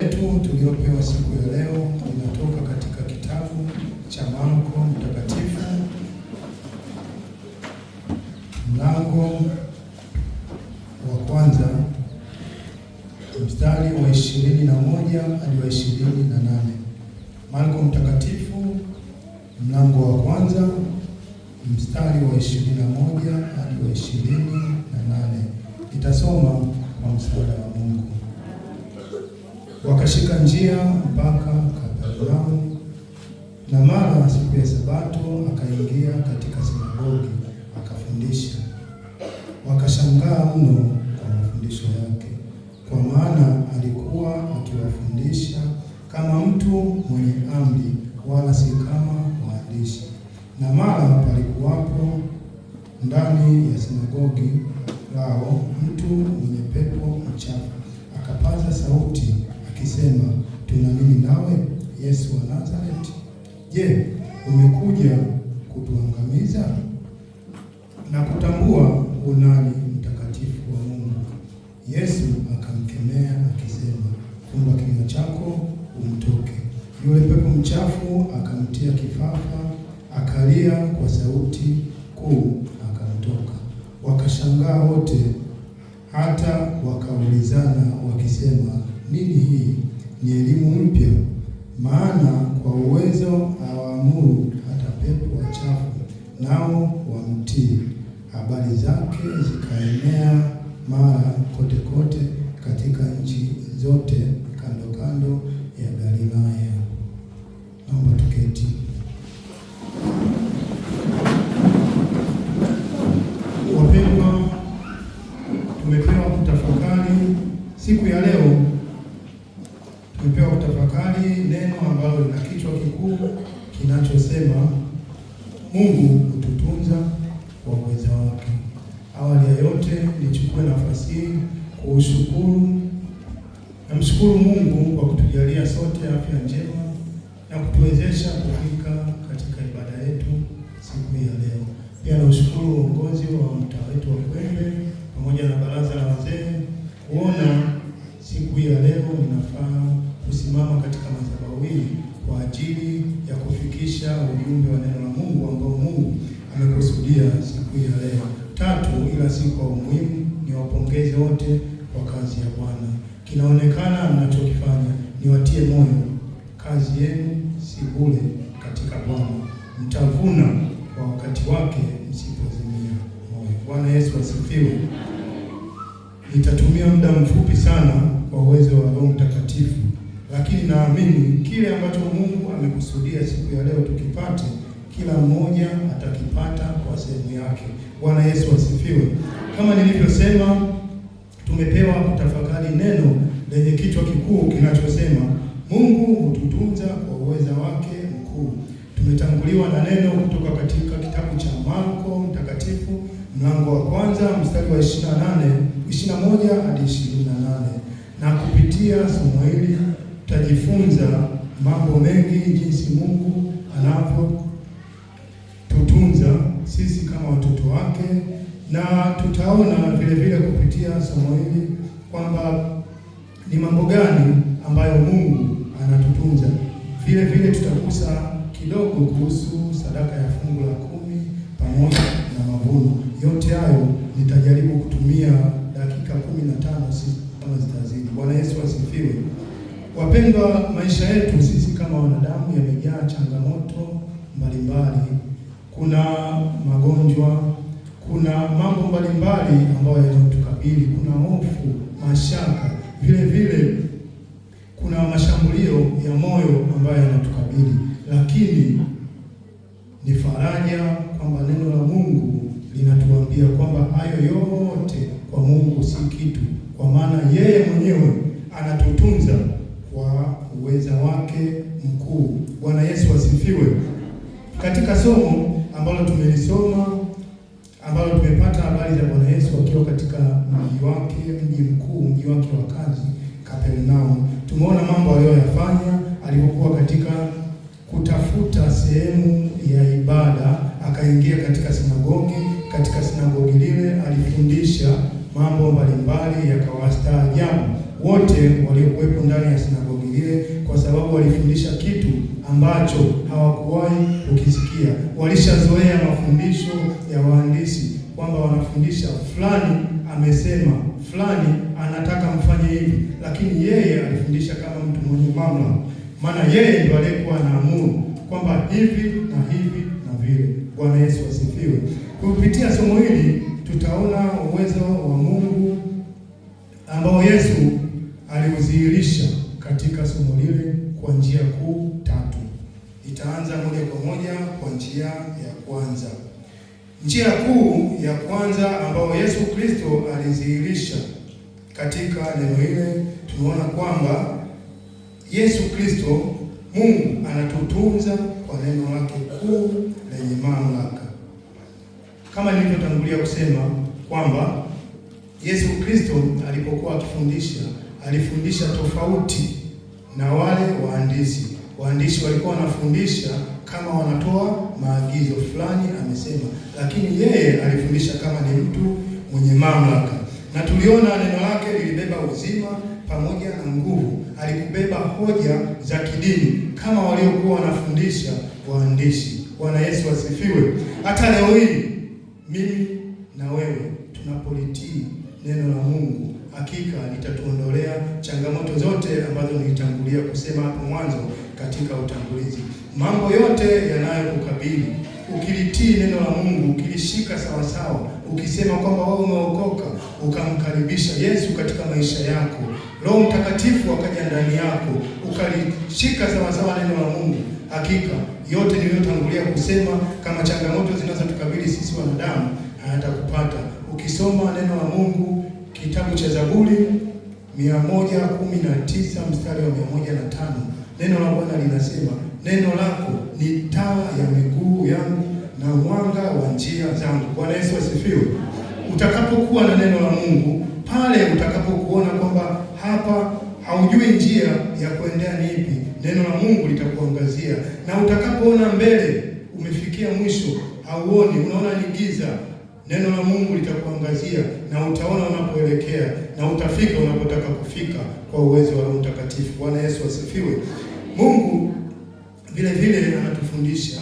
yetu tuliopewa siku ya leo inatoka katika kitabu cha Marko Mtakatifu mlango wa kwanza mstari wa ishirini na moja hadi wa ishirini na nane Marko Mtakatifu mlango wa kwanza mstari wa ishirini na moja hadi wa ishirini na nane Nitasoma kwa msaada wa Mungu wakashika njia mpaka Kapernaumu, na mara siku ya Sabato akaingia katika sinagogi akafundisha. Wakashangaa mno kwa mafundisho yake, kwa maana alikuwa akiwafundisha kama mtu mwenye amri, wala si kama waandishi. Na mara palikuwapo ndani ya sinagogi Je, umekuja kutuangamiza? Na kutambua unani mtakatifu wa Mungu. Yesu akamkemea akisema, fumba kinywa chako umtoke. Yule pepo mchafu akamtia kifafa, akalia kwa sauti kuu, akamtoka. Wakashangaa wote, hata wakaulizana wakisema, nini hii? Ni elimu mpya? Maana kwa uwezo awaamuru hata pepo wachafu nao wamtii. Habari zake zikaenea mara kote kote katika nchi zote kando kando ya Galilaya. Naomba tuketi. Wapendwa, tumepewa kutafakari siku ya leo tumepewa kutafakari neno ambalo lina kichwa kikuu kinachosema Mungu ututunza kwa uweza wake. Awali ya yote, nichukue nafasi hii kuushukuru, namshukuru Mungu kwa kutujalia sote afya njema na kutuwezesha kufika katika ibada yetu siku ya leo. Pia naushukuru uongozi wa mtaa wetu wa Kwembe pamoja na baraza la wazee kuona siku ya leo inafaa kusimama katika madhabahu hii kwa ajili ya kufikisha ujumbe wa neno la Mungu ambao Mungu amekusudia siku ya leo. Tatu, ila si kwa umuhimu, ni wapongeze wote kwa kazi ya Bwana. Kinaonekana mnachokifanya, niwatie moyo, kazi yenu si bure katika Bwana, mtavuna kwa wakati wake msipozimia moyo. Bwana Yesu asifiwe. Nitatumia muda mfupi sana kwa uwezo wa Roho Mtakatifu lakini naamini kile ambacho Mungu amekusudia siku ya leo tukipate, kila mmoja atakipata kwa sehemu yake. Bwana Yesu asifiwe. Kama nilivyosema, tumepewa kutafakari neno lenye kichwa kikuu kinachosema Mungu hututunza kwa uweza wake mkuu. Tumetanguliwa na neno kutoka katika kitabu cha Marko Mtakatifu mlango wa kwanza mstari wa 28, 21 hadi 28 na kupitia somo hili tutajifunza mambo mengi jinsi Mungu anavyotutunza sisi kama watoto wake, na tutaona vile vile kupitia somo hili kwamba ni mambo gani ambayo Mungu anatutunza. Vile vile tutagusa kidogo kuhusu sadaka ya fungu la kumi pamoja na mavuno. Yote hayo nitajaribu kutumia dakika kumi na tano si kama zitazidi. Bwana Yesu asifiwe. Wapendwa, maisha yetu sisi kama wanadamu yamejaa changamoto mbalimbali. Kuna magonjwa, kuna mambo mbalimbali ambayo yanatukabili, kuna hofu, mashaka, vile vile kuna mashambulio ya moyo ambayo yanatukabili, lakini ni faraja kwamba neno la Mungu linatuambia kwamba hayo yote kwa Mungu si kitu, kwa maana yeye mwenyewe anatutunza wake mkuu. Bwana Yesu asifiwe. Katika somo ambalo tumelisoma ambalo tumepata habari za Bwana Yesu akiwa katika mji wake, mji mkuu, mji wake wa kazi Kapernaum, tumeona mambo aliyoyafanya alipokuwa katika kutafuta sehemu ya ibada. Akaingia katika sinagogi, katika sinagogi lile alifundisha mambo mbalimbali yakawastaajabu wote waliokuwepo ndani ya sinagogi ile, kwa sababu walifundisha kitu ambacho hawakuwahi kukisikia. Walishazoea mafundisho ya waandishi kwamba wanafundisha fulani amesema, fulani anataka mfanye hivi, lakini yeye alifundisha kama mtu mwenye mamlaka, maana yeye ndiye aliyekuwa anaamuru kwamba hivi na hivi na vile. Bwana Yesu asifiwe. Kupitia somo hili tutaona uwezo wa Mungu ambao Yesu kwa njia kuu tatu. itaanza moja kwa moja kwa njia ya kwanza. Njia kuu ya kwanza ambayo Yesu Kristo alizihirisha katika neno hili, tunaona kwamba Yesu Kristo Mungu anatutunza kwa neno lake kuu lenye mamlaka, kama nilivyotangulia kusema kwamba Yesu Kristo alipokuwa akifundisha alifundisha tofauti na wale waandishi. Waandishi walikuwa wanafundisha kama wanatoa maagizo fulani, amesema, lakini yeye alifundisha kama ni mtu mwenye mamlaka, na tuliona neno lake lilibeba uzima pamoja na nguvu. Alikubeba hoja za kidini kama waliokuwa wanafundisha waandishi. Bwana Yesu asifiwe. Hata leo hii mimi na wewe tunapolitii neno la Mungu hakika litatuondolea changamoto zote ambazo nilitangulia kusema hapo mwanzo katika utangulizi. Mambo yote yanayokukabili ukilitii neno la Mungu, ukilishika sawasawa, ukisema kwamba wewe umeokoka, ukamkaribisha Yesu katika maisha yako, Roho Mtakatifu akaja ndani yako, ukalishika sawasawa neno la Mungu, hakika yote niliyotangulia kusema kama changamoto zinazotukabili sisi wanadamu hayatakupata. Ukisoma neno la Mungu kitabu cha Zaburi 119 mstari wa 105, neno la Bwana linasema, neno lako ni taa ya miguu yangu na mwanga wa njia zangu. Bwana Yesu asifiwe. Utakapokuwa na neno la Mungu pale utakapokuona kwamba hapa haujui njia ya kuendea ni ipi, neno la Mungu litakuangazia, na utakapoona mbele umefikia mwisho hauoni, unaona ni giza Neno la Mungu litakuangazia na utaona unapoelekea na utafika unapotaka kufika kwa uwezo wa Roho Mtakatifu. Bwana Yesu asifiwe. Mungu vile vile anatufundisha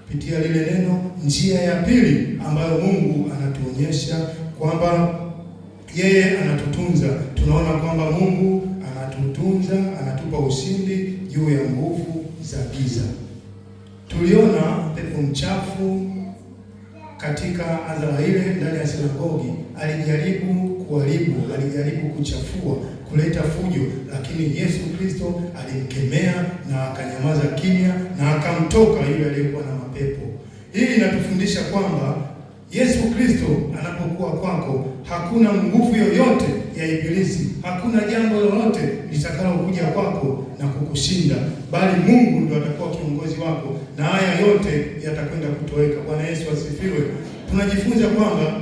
kupitia lile neno, njia ya pili ambayo Mungu anatuonyesha kwamba yeye anatutunza. Tunaona kwamba Mungu anatutunza, anatupa ushindi juu ya nguvu za giza. Tuliona pepo mchafu katika adhara ile ndani ya sinagogi, alijaribu kuharibu, alijaribu kuchafua, kuleta fujo, lakini Yesu Kristo alimkemea na akanyamaza kimya na akamtoka yule aliyekuwa na mapepo. Hii inatufundisha kwamba Yesu Kristo anapokuwa kwako, hakuna nguvu yoyote ya Ibilisi, hakuna jambo lolote litakalokuja kwako na kukushinda, bali Mungu ndo atakuwa kiongozi wako na haya yote yatakwenda kutoweka. Bwana Yesu asifiwe. Tunajifunza kwamba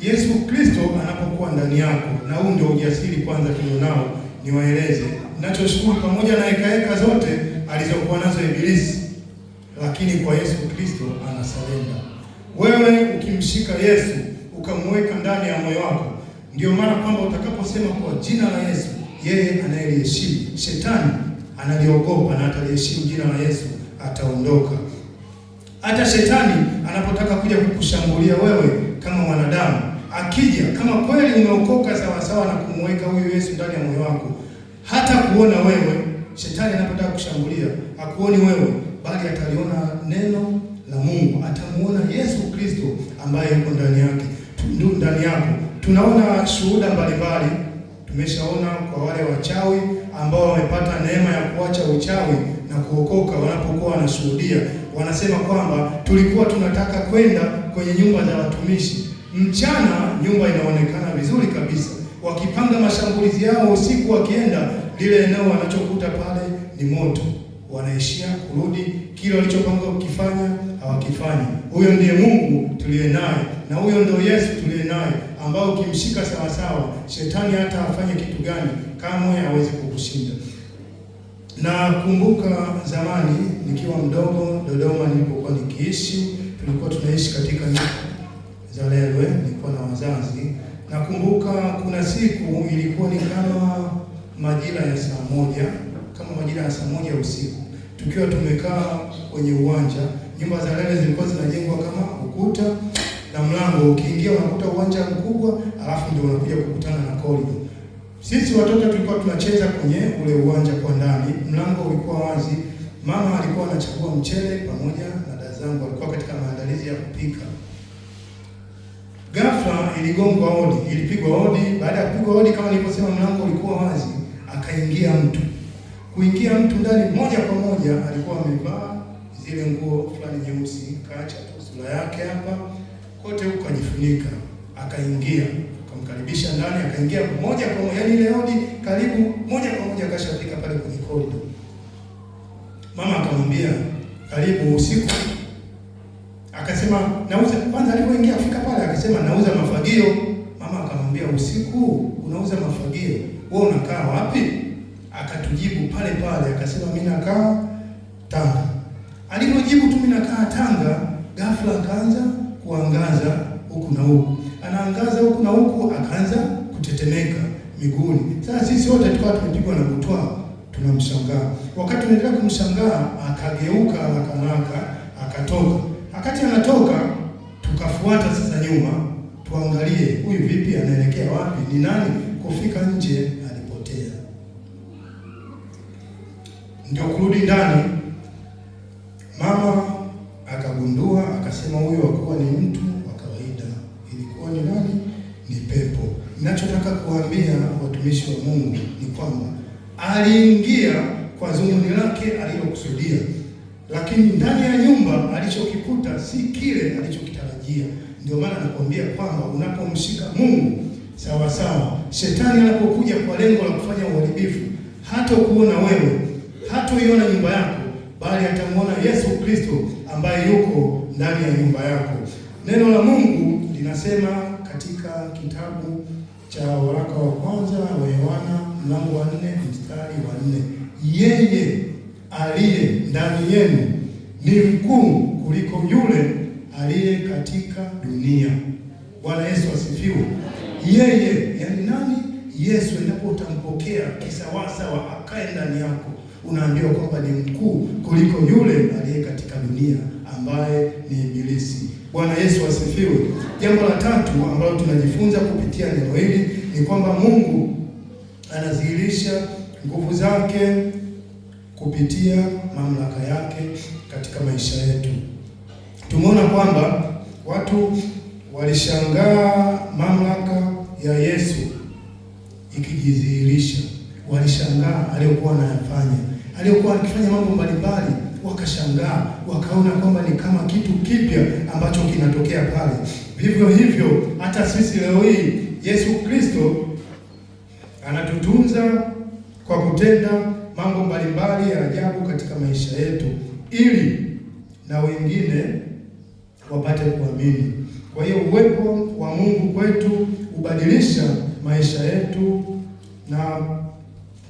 Yesu Kristo anapokuwa ndani yako, na huu ndio ujasiri kwanza tulionao. Niwaeleze ninachoshukuru, pamoja na hekaheka zote alizokuwa nazo Ibilisi, lakini kwa Yesu Kristo anasalenda. Wewe ukimshika Yesu ukamweka ndani ya moyo wako, ndio maana kwamba utakaposema kwa jina la Yesu, yeye anayeliheshimu shetani analiogopa na ataliheshimu jina la Yesu ataondoka. Hata shetani anapotaka kuja kukushambulia wewe kama mwanadamu, akija kama kweli umeokoka sawasawa na kumweka huyu Yesu ndani ya moyo wako, hata kuona wewe. Shetani anapotaka kushambulia, akuoni wewe, bali ataliona neno la Mungu, atamuona Yesu Kristo ambaye yuko ndani yake, ndio ndani yako. Tunaona shuhuda mbalimbali, tumeshaona kwa wale wachawi ambao wamepata neema ya kuacha uchawi na kuokoka wanapokuwa wanashuhudia, wanasema kwamba tulikuwa tunataka kwenda kwenye nyumba za watumishi mchana, nyumba inaonekana vizuri kabisa, wakipanga mashambulizi yao usiku, wakienda lile eneo wanachokuta pale ni moto, wanaishia kurudi kile walichopanga kukifanya hawakifanyi. Huyo ndiye Mungu tuliye naye na huyo ndio Yesu tuliye naye, ambao ukimshika sawasawa, shetani hata afanye kitu gani kamwe hawezi kukushinda. Nakumbuka zamani nikiwa mdogo Dodoma nilipokuwa nikiishi, tulikuwa tunaishi katika za lelwe nilikuwa na wazazi. Nakumbuka kuna siku ilikuwa ni kama majira ya saa moja kama majira ya saa moja usiku, tukiwa tumekaa kwenye uwanja. Nyumba za lelwe zilikuwa zinajengwa kama ukuta na mlango, ukiingia unakuta uwanja mkubwa, alafu ndio unakuja kukutana na korido sisi watoto tulikuwa tunacheza kwenye ule uwanja kwa ndani, mlango ulikuwa wazi. Mama alikuwa anachagua mchele pamoja na dada zangu walikuwa katika maandalizi ya kupika. Ghafla iligongwa hodi, ilipigwa hodi. Baada ya kupigwa hodi, kama nilivyosema, mlango ulikuwa wazi, akaingia mtu. Kuingia mtu ndani moja kwa moja, alikuwa amevaa zile nguo fulani nyeusi, kaacha tu sura yake hapa, kote huko akajifunika, akaingia Karibisha ndani, akaingia moja kwa moja, yani ile hodi karibu moja kwa moja akashafika pale kwenye korido. Mama akamwambia karibu usiku, akasema nauza. Kwanza alipoingia afika pale akasema nauza mafagio. Mama akamwambia usiku unauza mafagio, wewe unakaa wapi? Akatujibu pale pale, akasema mimi nakaa Tanga. Alipojibu tu mimi nakaa Tanga, ghafla akaanza kuangaza huku na huku akaangaza huku na huku, akaanza kutetemeka miguuni. Sasa sisi wote tulikuwa tumepigwa na butwa, tunamshangaa. Wakati tunaendelea kumshangaa, akageuka haraka haraka akatoka. Wakati anatoka, tukafuata sasa nyuma, tuangalie huyu vipi, anaelekea wapi, ni nani? Kufika nje alipotea, ndio kurudi ndani, mama akagundua, akasema huyu akuwa ni mtu nataka kuambia watumishi wa Mungu ni kwamba aliingia kwa dhumuni lake alilokusudia, lakini ndani ya nyumba alichokikuta si kile alichokitarajia. Ndio maana nakwambia kwamba unapomshika Mungu sawa sawa, shetani anapokuja kwa lengo la kufanya uharibifu, hata kuona wewe, hata iona nyumba yako, bali atamwona Yesu Kristo ambaye yuko ndani ya nyumba yako. Neno la Mungu linasema katika kitabu cha waraka wa kwanza wa Yohana mlango wa nne mstari wa nne yeye aliye ndani yenu ni mkuu kuliko yule aliye katika dunia. Bwana Yesu asifiwe. Yeye yani nani? Yesu. Endapo utampokea kisawasawa akae ndani yako, unaambiwa kwamba ni mkuu kuliko yule aliye katika dunia ambaye ni Ibilisi. Bwana Yesu asifiwe. Jambo la tatu ambalo tunajifunza kupitia neno hili ni kwamba Mungu anadhihirisha nguvu zake kupitia mamlaka yake katika maisha yetu. Tumeona kwamba watu walishangaa mamlaka ya Yesu ikijidhihirisha, walishangaa aliyokuwa anayafanya, aliyokuwa akifanya mambo mbalimbali wakashangaa, wakaona kwamba ni kama kitu kipya ambacho kinatokea pale. Vivyo hivyo hata sisi leo hii Yesu Kristo anatutunza kwa kutenda mambo mbalimbali ya ajabu katika maisha yetu, ili na wengine wapate kuamini. Kwa hiyo uwepo wa Mungu kwetu hubadilisha maisha yetu na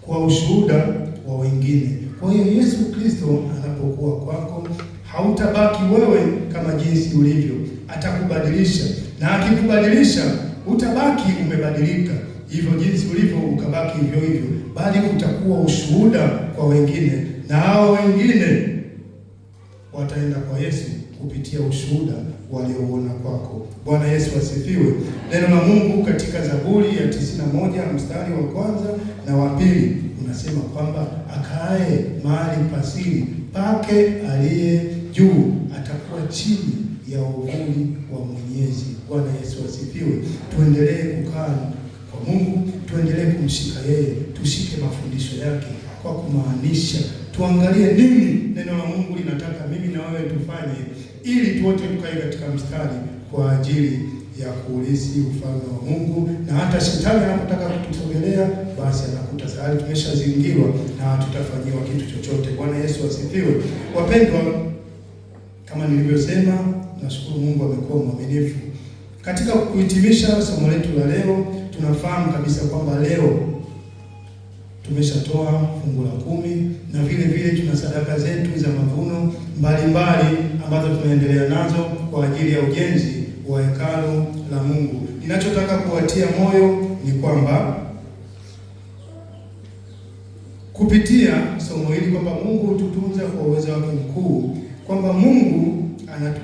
kwa ushuhuda wa wengine. Kwa hiyo Yesu Kristo atakapokuwa kwako. Hautabaki wewe kama jinsi ulivyo, atakubadilisha, na akikubadilisha utabaki umebadilika, hivyo jinsi ulivyo ukabaki hivyo hivyo, bali utakuwa ushuhuda kwa wengine, na hao wengine wataenda kwa Yesu kupitia ushuhuda waliouona kwako. Bwana Yesu asifiwe. Neno la Mungu katika Zaburi ya moja mstari wa kwanza na wa pili unasema kwamba akae mahali pasiri pake aliye juu atakuwa chini ya uvuli wa Mwenyezi. Bwana Yesu asifiwe. Tuendelee kukaa kwa Mungu, tuendelee kumshika yeye, tushike mafundisho yake kwa kumaanisha, tuangalie nini neno la Mungu linataka mimi na wewe tufanye, ili tuote tukae katika mstari kwa ajili ya kuulizi ufalme wa Mungu, na hata shetani anapotaka kutusogelea, basi anakuta tayari tumeshazingirwa na hatutafanyiwa kitu chochote. Bwana Yesu asifiwe. Wapendwa, kama nilivyosema, nashukuru Mungu amekuwa mwaminifu. Katika kuhitimisha somo letu la leo, tunafahamu kabisa kwamba leo tumeshatoa fungu la kumi na vile vile tuna sadaka zetu za mavuno mbalimbali ambazo tunaendelea nazo kwa ajili ya ujenzi wa hekalu la Mungu. Ninachotaka kuwatia moyo ni kwamba kupitia somo hili kwamba Mungu hututunza kwa uwezo wake mkuu, kwamba Mungu anatu,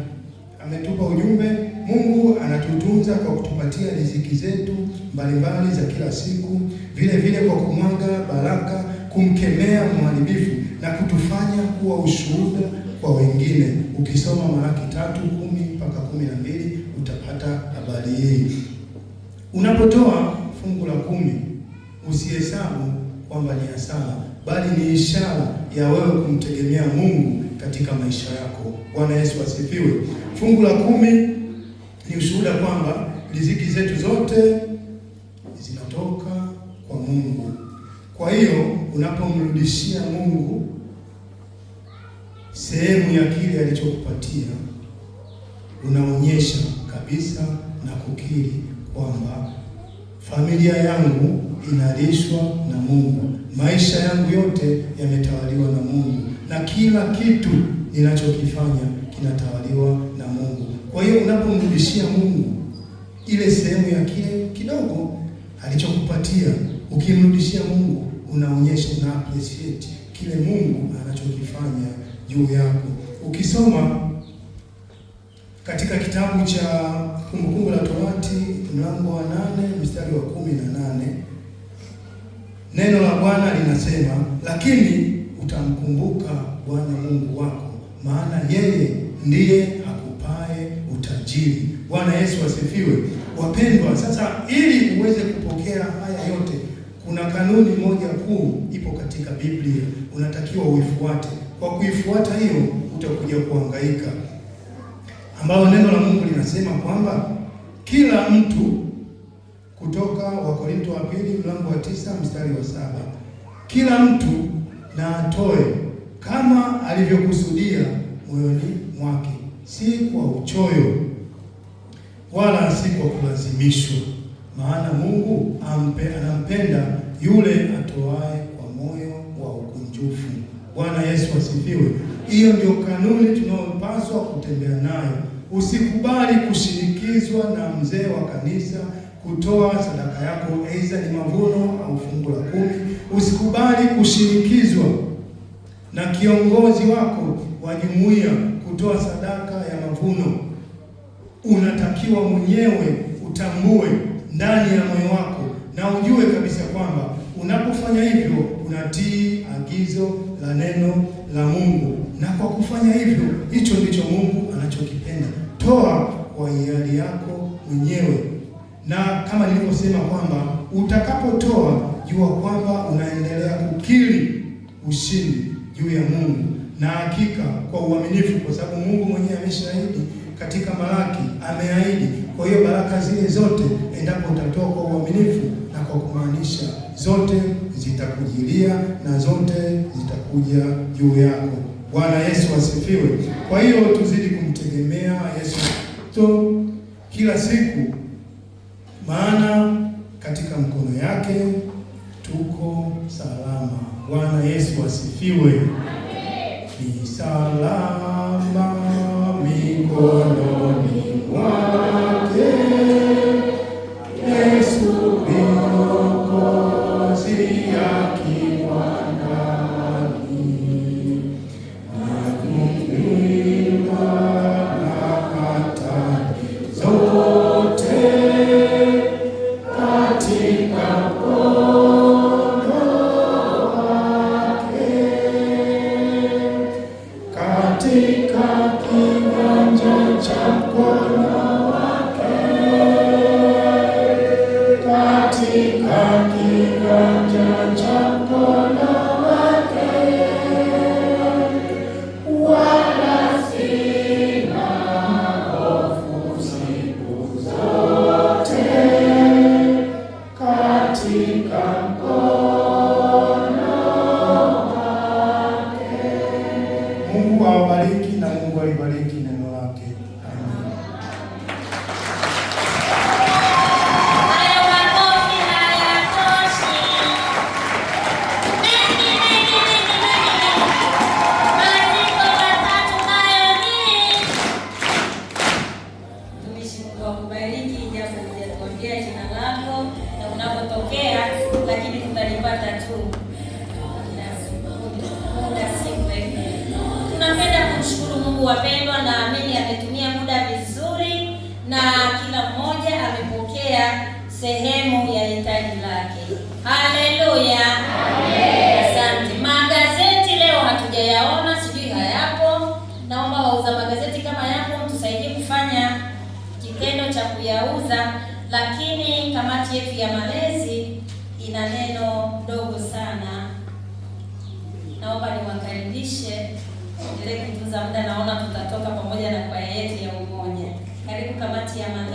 ametupa ujumbe. Mungu anatutunza kwa kutupatia riziki zetu mbalimbali za kila siku, vile vile kwa kumwaga baraka, kumkemea mharibifu na kutufanya kuwa ushuhuda kwa wengine. Ukisoma Malaki tatu kumi mpaka kumi na mbili utapata habari hii. Unapotoa fungu la kumi, usihesabu kwamba ni hasara, bali ni ishara ya wewe kumtegemea Mungu katika maisha yako. Bwana Yesu asifiwe. Fungu la kumi ni ushuhuda kwamba riziki zetu zote zinatoka kwa Mungu. Kwa hiyo unapomrudishia Mungu sehemu ya kile alichokupatia, unaonyesha kabisa na kukiri kwamba familia yangu inalishwa na Mungu, maisha yangu yote yametawaliwa na Mungu, na kila kitu ninachokifanya kinatawaliwa na Mungu. Kwa hiyo unapomrudishia Mungu ile sehemu ya kile kidogo alichokupatia, ukimrudishia Mungu unaonyesha na appreciate kile Mungu anachokifanya juu yako. Ukisoma katika kitabu cha Kumbukumbu la Torati mlango wa nane mstari wa kumi na nane neno la Bwana linasema, lakini utamkumbuka Bwana Mungu wako, maana yeye ndiye akupaye utajiri. Bwana Yesu asifiwe. Wapendwa, sasa ili uweze kupokea haya yote, kuna kanuni moja kuu ipo katika Biblia, unatakiwa uifuate. Kwa kuifuata hiyo utakuja kuhangaika, ambayo neno la Mungu linasema kwamba kila mtu, kutoka Wakorinto wa pili mlango wa tisa mstari wa saba kila mtu na atoe kama alivyokusudia moyoni mwake, si kwa uchoyo wala si kwa kulazimishwa, maana Mungu ampe, anampenda yule atoae kwa moyo wa ukunjufu. Bwana Yesu asifiwe. Hiyo ndio kanuni tunayopaswa kutembea nayo. Usikubali kushinikizwa na mzee wa kanisa kutoa sadaka yako, aidha ni mavuno au fungu la kumi. Usikubali kushinikizwa na kiongozi wako wa jumuiya kutoa sadaka ya mavuno. Unatakiwa mwenyewe utambue ndani ya moyo wako na ujue kabisa kwamba unapofanya hivyo unatii agizo la neno la Mungu, na kwa kufanya hivyo, hicho ndicho Mungu anachokipenda. Toa kwa hiari yako mwenyewe, na kama nilivyosema kwamba utakapotoa, jua kwamba unaendelea kukiri ushindi juu ya Mungu na hakika kwa uaminifu, kwa sababu Mungu mwenyewe ameshaahidi katika Malaki, ameahidi. Kwa hiyo baraka zile zote, endapo utatoa kwa uaminifu kwa kumaanisha zote zitakujilia na zote zitakuja juu yako. Bwana Yesu asifiwe. Kwa hiyo tuzidi kumtegemea Yesu to kila siku, maana katika mkono yake tuko salama. Bwana Yesu asifiwe. Ni salama mikono Mungu wapendwa, naamini ametumia muda vizuri na kila mmoja amepokea sehemu ya hitaji lake. Haleluya, asante. Magazeti leo hatujayaona, sijui hayapo. Naomba wauza magazeti, kama yapo, mtusaidie kufanya kitendo cha kuyauza, lakini kamati yetu ya malezi kupunguza muda, naona tutatoka pamoja na kwa yeti ya umoja. Karibu kamati ya